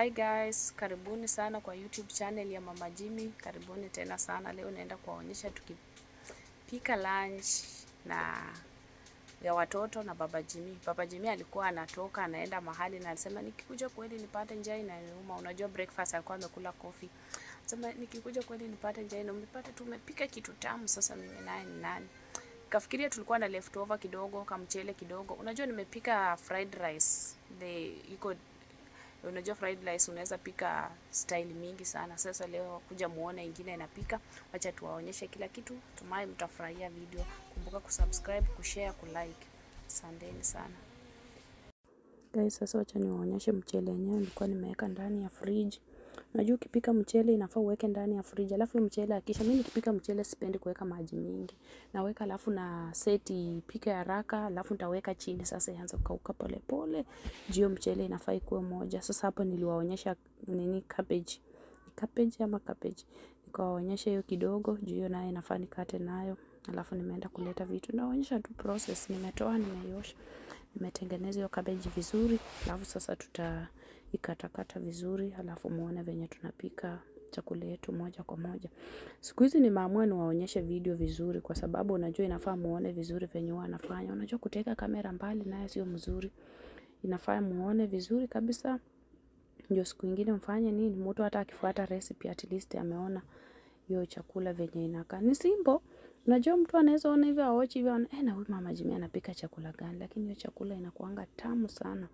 Hi guys, karibuni sana kwa YouTube channel ya Mama Jimmy. Karibuni tena sana. Leo naenda kuwaonyesha tukipika lunch na ya watoto na Baba Jimmy. Baba Jimmy alikuwa anatoka anaenda mahali na alisema nikikuja kweli nipate njaa inaniuma. Unajua breakfast alikuwa amekula coffee. Sema nikikuja kweli nipate njaa na umepata tu umepika kitu tamu sasa mimi naye ni nani? Kafikiria tulikuwa na leftover kidogo, kamchele kidogo. Unajua nimepika fried rice. The iko Unajua fried rice unaweza pika style mingi sana. Sasa leo kuja muone ingine inapika, wacha tuwaonyeshe kila kitu. Tumai mtafurahia video. Kumbuka kusubscribe, kushare, kulike. Asanteni sana guys. Sasa wacha niwaonyeshe mchele wenyewe nilikuwa nimeweka ndani ya fridge. Unajua ukipika mchele inafaa uweke ndani ya friji. Alafu mchele akisha, mimi nikipika mchele sipendi kuweka maji mingi. Naweka alafu na seti ipike haraka, alafu nitaweka chini sasa ianze kukauka pole pole. Jio mchele inafaa ikuwe moja. Sasa hapo niliwaonyesha nini cabbage. Cabbage ama cabbage. Nikawaonyesha hiyo kidogo, jio nayo inafaa nikate nayo. Alafu nimeenda kuleta vitu. Naonyesha tu process, nimetoa, nimeiosha. Nimetengeneza hiyo cabbage vizuri. Alafu sasa tuta ikatakata vizuri, halafu muone venye tunapika chakula yetu moja kwa moja. Siku hizi nimeamua niwaonyeshe video vizuri kwa sababu unajua inafaa muone vizuri venye huwa nafanya. Unajua kuteka kamera mbali nayo sio mzuri. Inafaa muone vizuri kabisa ndio siku ingine mfanye nini mtu hata akifuata recipe at least ameona hiyo chakula venye inakaa. Ni simple. Unajua mtu anaweza ona hivyo aoche hivyo, aone, eh na huyu mama Jimmy anapika chakula gani? Lakini hiyo chakula inakuanga tamu sana.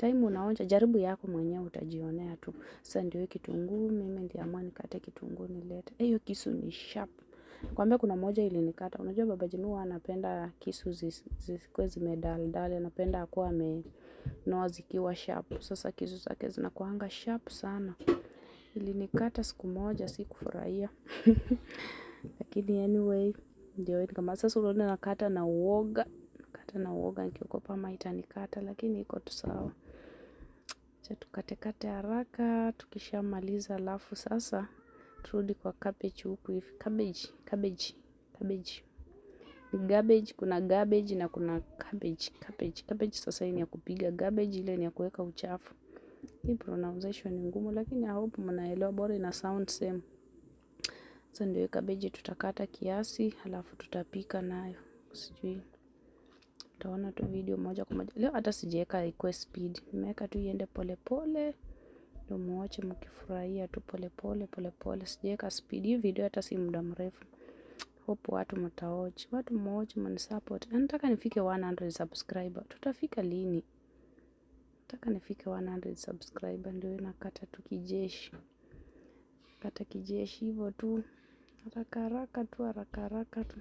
Time unaonja, jaribu yako mwenyewe utajionea tu. Sasa ndio kitunguu, mimi ndiamua nikate kitunguu nilete. Hiyo kisu ni sharp. Nakwambia kuna moja ilinikata. Unajua baba Jimmy anapenda kisu zisikuwe zimedaldal, anapenda akuwe amenoa zikiwa sharp. Sasa kisu zake zinakuanga sharp sana. Ilinikata siku moja, sikufurahia. Lakini anyway, ndio kama sasa unaona nakata na uoga, nakata na uoga nikiogopa ama itanikata, lakini iko tu sawa. Acha tukatekate haraka, tukishamaliza alafu sasa turudi kwa cabbage huku hivi. Cabbage, cabbage, cabbage. Ni garbage, kuna garbage na kuna cabbage, cabbage. Cabbage sasa ni ya kupiga, garbage ile ni ya kuweka uchafu. Hii pronunciation ni ngumu lakini I hope mnaelewa, bora ina sound same. Sasa ndio cabbage tutakata kiasi, alafu tutapika nayo. Sijui utaona tu video moja kwa moja. Leo hata sijaweka ikuwe speed, nimeweka tu iende polepole ndio muache mkifurahia tu polepole polepole, sijaweka speed hii video, hata si muda mrefu. Hope watu mtaochi, watu mmoja mnisupport. Nataka nifike 100 subscriber. Tutafika lini? Nataka nifike 100 subscriber, ndio nakata tu kijeshi, kata kijeshi hivyo tu haraka haraka tu haraka haraka tu,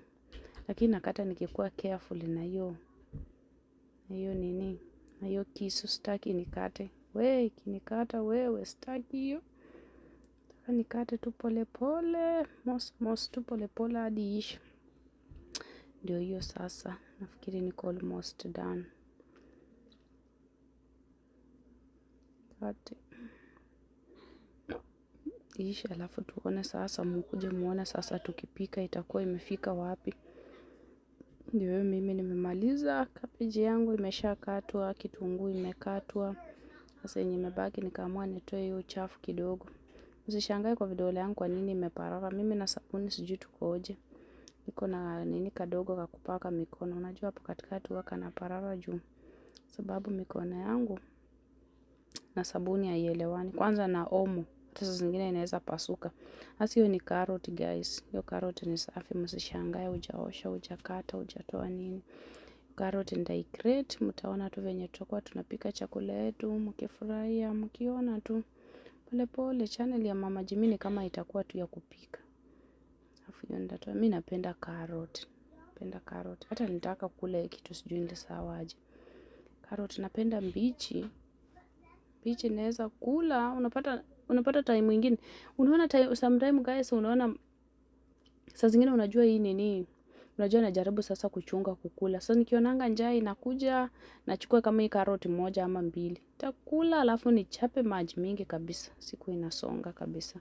lakini nakata nikikuwa careful na hiyo hiyo nini, hiyo kisu sitaki nikate. We kinikata wewe, sitaki hiyo, taka nikate tu polepole, mos mos tu polepole hadi isha. Ndio hiyo sasa, nafikiri niko almost done. Kate ishi, alafu tuone sasa, mkuje muone sasa tukipika itakuwa imefika wapi. Ndio mimi nimemaliza, kabeji yangu imeshakatwa, kitunguu imekatwa, sasa yenye imebaki nikaamua nitoe hiyo uchafu kidogo. Usishangae kwa vidole yangu kwa nini imeparara, mimi na sabuni sijui tukoje. Niko na nini kadogo ka kupaka mikono, unajua hapo katikati huwa parara juu. Sababu mikono yangu na sabuni haielewani, kwanza na omo hata saa zingine inaweza pasuka. Hasa hiyo ni carrot guys, hiyo carrot ni safi, msishangae hujaosha, hujakata, hujatoa nini. Carrot ndai great. mtaona tu venye tutakuwa tunapika chakula yetu, mkifurahia, mkiona tu polepole. Channel ya Mama Jimini kama itakuwa tu ya kupika, afu hiyo ndatoa. Mimi napenda carrot, napenda carrot, hata nitaka kula kitu sijui ni sawaje. Carrot napenda mbichi, mbichi naweza kula, unapata unapata time nyingine, unaona time sometimes guys, unaona saa zingine, unajua hii nini Unajua, najaribu sasa kuchunga kukula. Sasa nikionanga njaa inakuja, nachukua kama hii karoti moja ama mbili, takula alafu nichape maji mingi kabisa, siku inasonga kabisa.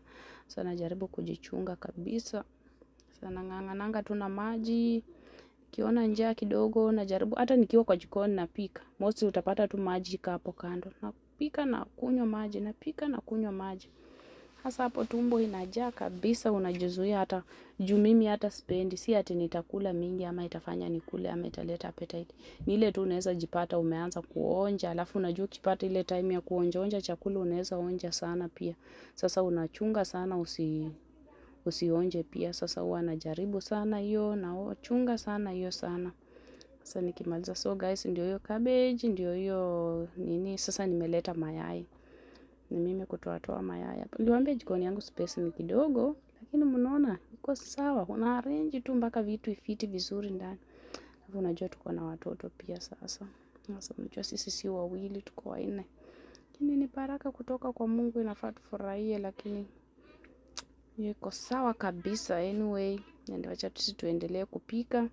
Sasa najaribu kujichunga kabisa, sasa nangangananga tu na maji. Kiona njaa kidogo, najaribu hata nikiwa kwa jikoni napika, mosi utapata tu maji kapo kando na napika na kunywa maji, napika na kunywa maji. Hasa hapo tumbo inajaa kabisa, unajizuia hata juu. Mimi hata sipendi, si ati nitakula mingi ama itafanya nikule ama italeta appetite. Ni ile tu unaweza jipata umeanza kuonja, alafu unajua ukipata ile time ya kuonja onja chakula unaweza onja sana pia. Sasa unachunga sana usi usionje pia. Sasa huwa najaribu sana hiyo na chunga sana hiyo sana. Sasa nikimaliza, so guys, ndio hiyo cabbage, ndio hiyo nini. Sasa nimeleta mayai, ni mimi kutoa toa mayai hapa. Niliwaambia jikoni yangu space ni kidogo, lakini mnaona iko sawa, una arrange tu mpaka vitu ifiti vizuri ndani. Hivyo unajua tuko na watoto pia. Sasa sasa unajua sisi si wawili, tuko wanne, lakini ni baraka kutoka kwa Mungu, inafaa tufurahie, lakini iko sawa kabisa. Anyway, ndio yaani acha tusi tuendelee kupika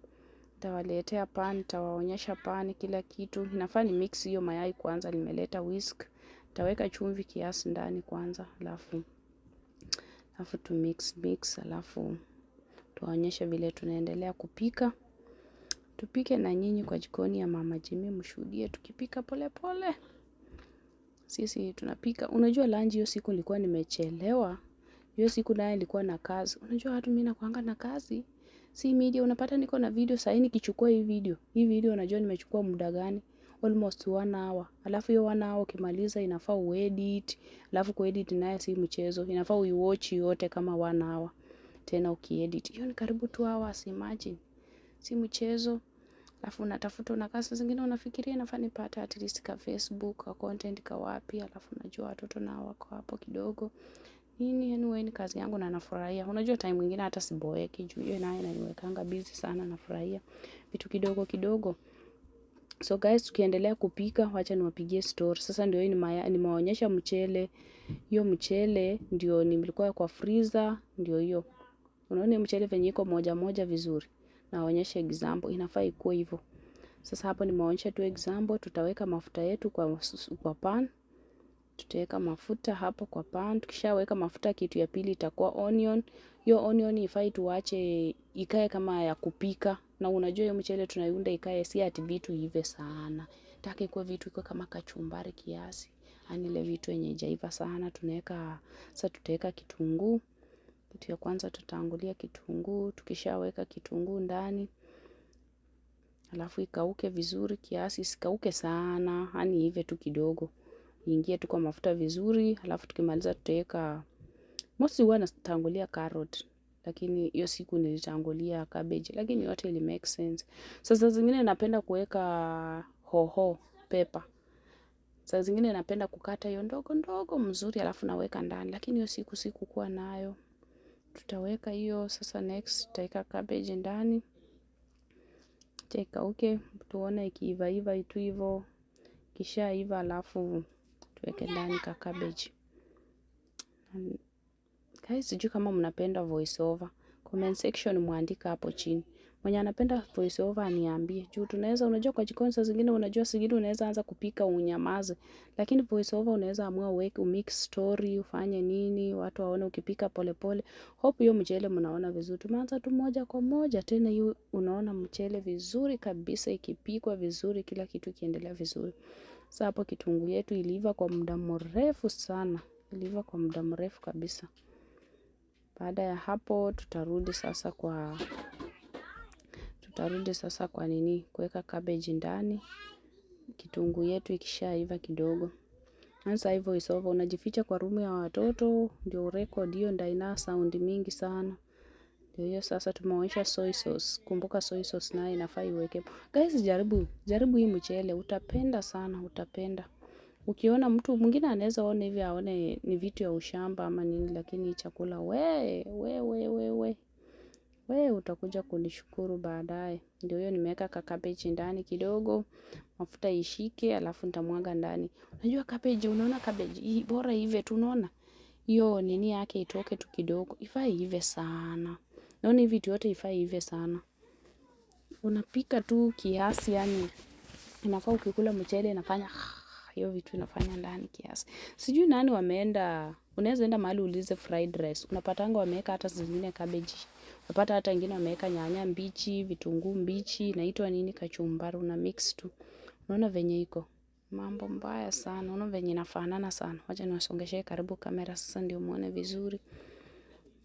nitawaletea pan, nitawaonyesha pan kila kitu. Inafaa ni mix hiyo mayai kwanza, nimeleta whisk, nitaweka chumvi kiasi ndani kwanza, alafu alafu tu mix mix, alafu tuwaonyeshe vile tunaendelea kupika. Tupike na nyinyi kwa jikoni ya Mama Jimmy, mshuhudie tukipika polepole pole. Sisi tunapika. Unajua lunch hiyo siku nilikuwa nimechelewa, hiyo siku naye alikuwa na kazi. Unajua watu mimi nakuanga na kazi Si media unapata niko na video sahii nikichukua hii video. Hii video unajua nimechukua muda gani? Almost one hour. Alafu hiyo one hour ukimaliza inafaa uedit. Alafu kuedit naye si mchezo. Inafaa uiwatch yote kama one hour. Tena ukiedit. Hiyo ni karibu two hours imagine. Si mchezo. Alafu unatafuta unakaa saa zingine unafikiria inafaa nipate at least ka Facebook, ka content ka wapi. Alafu unajua watoto nao wako hapo kidogo nini, yani wewe ni kazi yangu na nafurahia. Unajua time nyingine hata siboeki juu hiyo naye naniwekanga busy sana, nafurahia vitu kidogo kidogo. So guys, tukiendelea kupika, wacha niwapigie story. Sasa ndio hii nimewaonyesha mchele. Hiyo mchele ndio nilikuwa kwa freezer, ndio hiyo. Unaona mchele venye iko moja moja vizuri. Naonyesha example, inafaa ikuwe hivyo. Sasa hapo nimeonyesha tu example, tutaweka mafuta yetu kwa kwa pan tutaweka mafuta hapo kwa pan. Tukishaweka mafuta, kitu ya pili itakuwa onion. Hiyo onion ifai tuache ikae kama ya kupika, na unajua hiyo mchele tunaiunda ikae, si ati vitu iive sana, taki kwa vitu iko kama kachumbari kiasi, yani ile vitu yenye jaiva sana. Tunaweka sasa, tutaweka kitunguu. Kitu ya kwanza tutaangulia kitunguu. Tukishaweka kitunguu ndani alafu ikauke vizuri kiasi, sikauke sana, yani ive tu kidogo iingie tu kwa mafuta vizuri, alafu tukimaliza tutaweka mosi. huwa natangulia carrot, lakini hiyo siku nilitangulia cabbage, lakini yote ili make sense. Sasa zingine napenda kuweka hoho pepper. Saa zingine napenda kukata hiyo ndogo ndogo mzuri, alafu naweka ndani, lakini hiyo siku sikukuwa nayo. Tutaweka hiyo sasa, next tutaweka cabbage ndani cheka itakauke, tuone ikiiva iva tu hivyo, kisha iva alafu tuweke ndani ka cabbage. Guys, sijui kama mnapenda voice over. Comment section muandika hapo chini. Mwenye anapenda voice over aniambie. Juu tunaweza, unajua kwa jikoni saa zingine unajua singine unaweza anza kupika unyamaze. Lakini voice over unaweza amua uweke umix story, ufanye nini, watu waone ukipika polepole. Hope hiyo mchele mnaona vizuri. Tumeanza tu moja kwa moja tena hiyo unaona mchele vizuri kabisa ikipikwa vizuri kila kitu kiendelea vizuri. Sasa hapo kitunguu yetu iliiva kwa muda mrefu sana, iliiva kwa muda mrefu kabisa. Baada ya hapo tutarudi sasa kwa tutarudi sasa kwa nini kuweka cabbage ndani. Kitunguu yetu ikishaiva kidogo, sasa hivyo isovo, unajificha kwa rumu ya watoto ndio record hiyo ina sound mingi sana. Ndio hiyo sasa tumeonyesha soy sauce. Kumbuka soy sauce nayo inafaa iweke. Guys, jaribu, jaribu hii mchele, utapenda sana, utapenda. Ukiona mtu mwingine anaweza ona hivi aone ni vitu ya ushamba ama nini, lakini chakula we we we we we. We utakuja kunishukuru baadaye. Ndio hiyo nimeweka ka cabbage ndani kidogo, mafuta ishike, alafu nitamwaga ndani. Unajua cabbage, unaona cabbage hii bora ive tu, unaona? Hiyo nini yake itoke tu kidogo. Ifai ive sana. Naona hivi vitu yote ifai hivi sana. Unapika tu kiasi yani. Inafaa ukikula mchele inafanya hiyo vitu inafanya ndani kiasi. Sijui nani wameenda, unaweza enda mahali ulize fried rice. Unapatanga wameweka hata zingine cabbage. Unapata hata wengine wameweka nyanya mbichi, vitunguu mbichi, inaitwa nini kachumbari una mix tu. Unaona venye iko. Mambo mbaya sana. Unaona venye inafanana sana. Wacha niwasongeshe karibu kamera sasa ndio muone vizuri.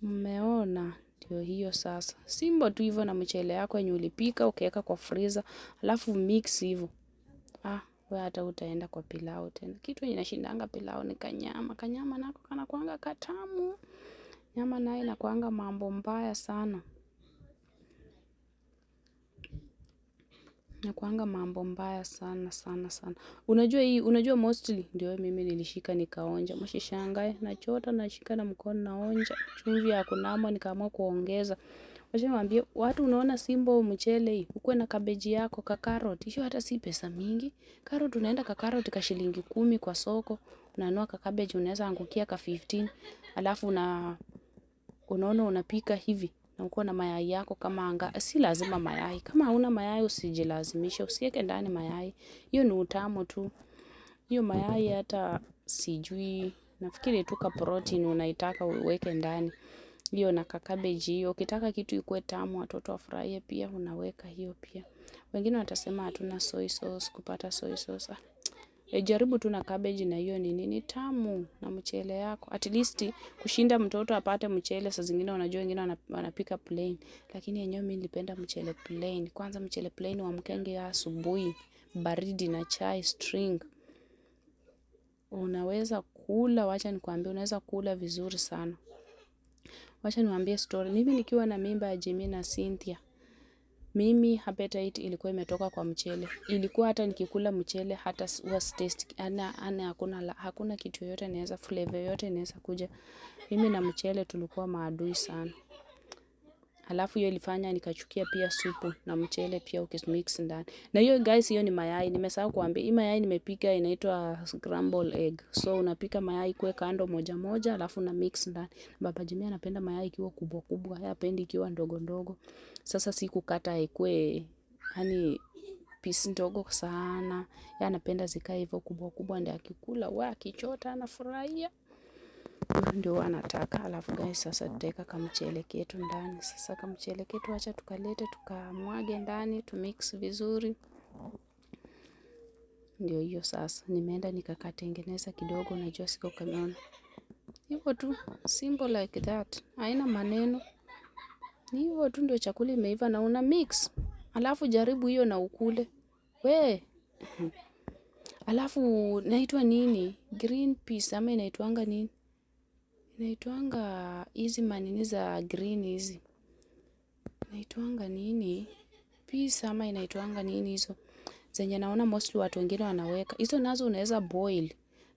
Mmeona. Ndio hiyo sasa. Simbo tu hivyo na mchele yako yenye ulipika ukaweka kwa freezer, alafu mix hivyo. Ah, wewe hata utaenda kwa pilau tena. Kitu inashindanga pilau ni kanyama. Kanyama nako kanakuanga katamu. Nyama nayo inakuanga mambo mbaya sana. Inakuanga mambo mbaya sana sana sana. Unajua hii, unajua mostly ndio mimi nilishika nikaonja. Mshishangae nachota nashika na mkono naonja. Chumvi ya kunama nikaamua kuongeza. Wacha niwaambie watu unaona simbo mchele hii, ukuwe na kabeji yako, ka carrot. Hiyo hata si pesa mingi. Carrot unaenda ka carrot ka shilingi kumi kwa soko. Unanua ka cabbage unaweza angukia ka 15. Alafu una unaona unapika hivi na ukuwa na mayai yako kama anga, si lazima mayai. Kama hauna mayai usijilazimishe, usiweke ndani mayai. Hiyo ni utamu tu. Hiyo mayai hata sijui nafikiri tu ka protein unaitaka uweke ndani. Hiyo na kakabeji hiyo. Ukitaka kitu ikuwe tamu watoto wafurahie pia unaweka hiyo pia. Wengine watasema hatuna soy sauce kupata soy sauce. E, jaribu tu na cabbage na hiyo nini, ni tamu na mchele yako, at least kushinda mtoto apate mchele. Saa zingine unajua wengine wanapika plain, lakini yenyewe mimi nilipenda mchele plain. Kwanza mchele plain wa mkenge ya asubuhi, baridi na chai string, unaweza kula. Wacha nikwambie, unaweza kula vizuri sana. Wacha niwaambie story, mimi nikiwa na mimba ya Jimmy na Cynthia mimi appetite ilikuwa imetoka kwa mchele. Ilikuwa hata nikikula mchele hata huwa taste Ana hakuna kitu yoyote inaweza flavor yoyote inaweza kuja. Mimi na mchele tulikuwa maadui sana. Halafu hiyo ilifanya nikachukia pia supu na mchele pia ukimix ndani. Na hiyo guys, hiyo ni mayai. Nimesahau kuambia hii mayai nimepika inaitwa scramble egg. So unapika mayai kwe kando moja moja, alafu na mix ndani. Baba Jimmy anapenda mayai ikiwa kubwa kubwa, yeye hapendi ikiwa ndogo ndogo. Sasa si kukata ikwe yani piece ndogo sana. Yeye anapenda zikae hivyo kubwa kubwa, ndio akikula wa akichota anafurahia nyekundu ndio huwa Alafu guys, sasa tutaweka kamchele ketu ndani. Sasa kamchele ketu acha tukalete tukamwage ndani tu mix vizuri. Ndio hiyo sasa, nimeenda nikakatengeneza kidogo, najua siko kamiona hivyo tu, simple like that, haina maneno, ni hivyo tu. Ndio chakula imeiva na una mix, alafu jaribu hiyo na ukule we alafu naitwa nini, green peas ama inaitwanga nini naitwanga hizi manini za green hizi. naitwanga nini? Peas ama inaitwanga nini hizo? Zenye naona mostly watu wengine wanaweka. Hizo nazo unaweza boil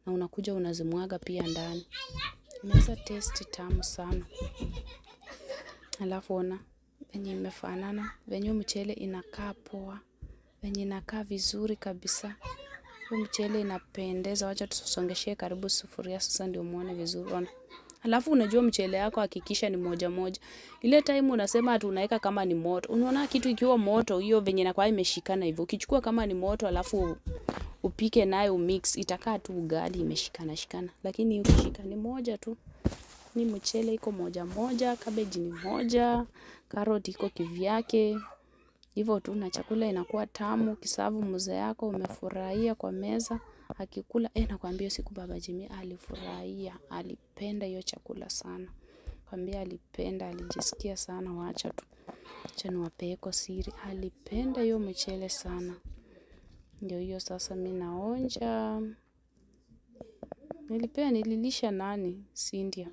na unakuja unazimwaga pia ndani. Unaweza taste tamu sana. Alafu ona venye imefanana, venye mchele inakaa poa, venye inakaa vizuri kabisa. mchele inapendeza, wacha tusongeshe karibu sufuria sasa ndio muone vizuri ona. Alafu unajua mchele yako hakikisha ni moja moja. Ile time unasema ati unaweka kama ni moto. Unaona kitu ikiwa moto hiyo venye inakuwa imeshikana hivyo. Ukichukua kama ni moto alafu upike nayo mix itakaa tu ugali imeshikana shikana. Lakini ukishika ni moja tu. Ni mchele iko moja moja, cabbage ni moja, carrot iko kivyake. Hivyo tu na chakula inakuwa tamu, kisavu mzee yako umefurahia kwa meza akikula eh, nakwambia siku baba Jimmy alifurahia, alipenda hiyo chakula sana, kwambia alipenda, alijisikia sana. Wacha tu acha niwapeeko siri, alipenda hiyo mchele sana. Ndio hiyo sasa, mimi naonja. Nilipea nililisha nani? Sindia.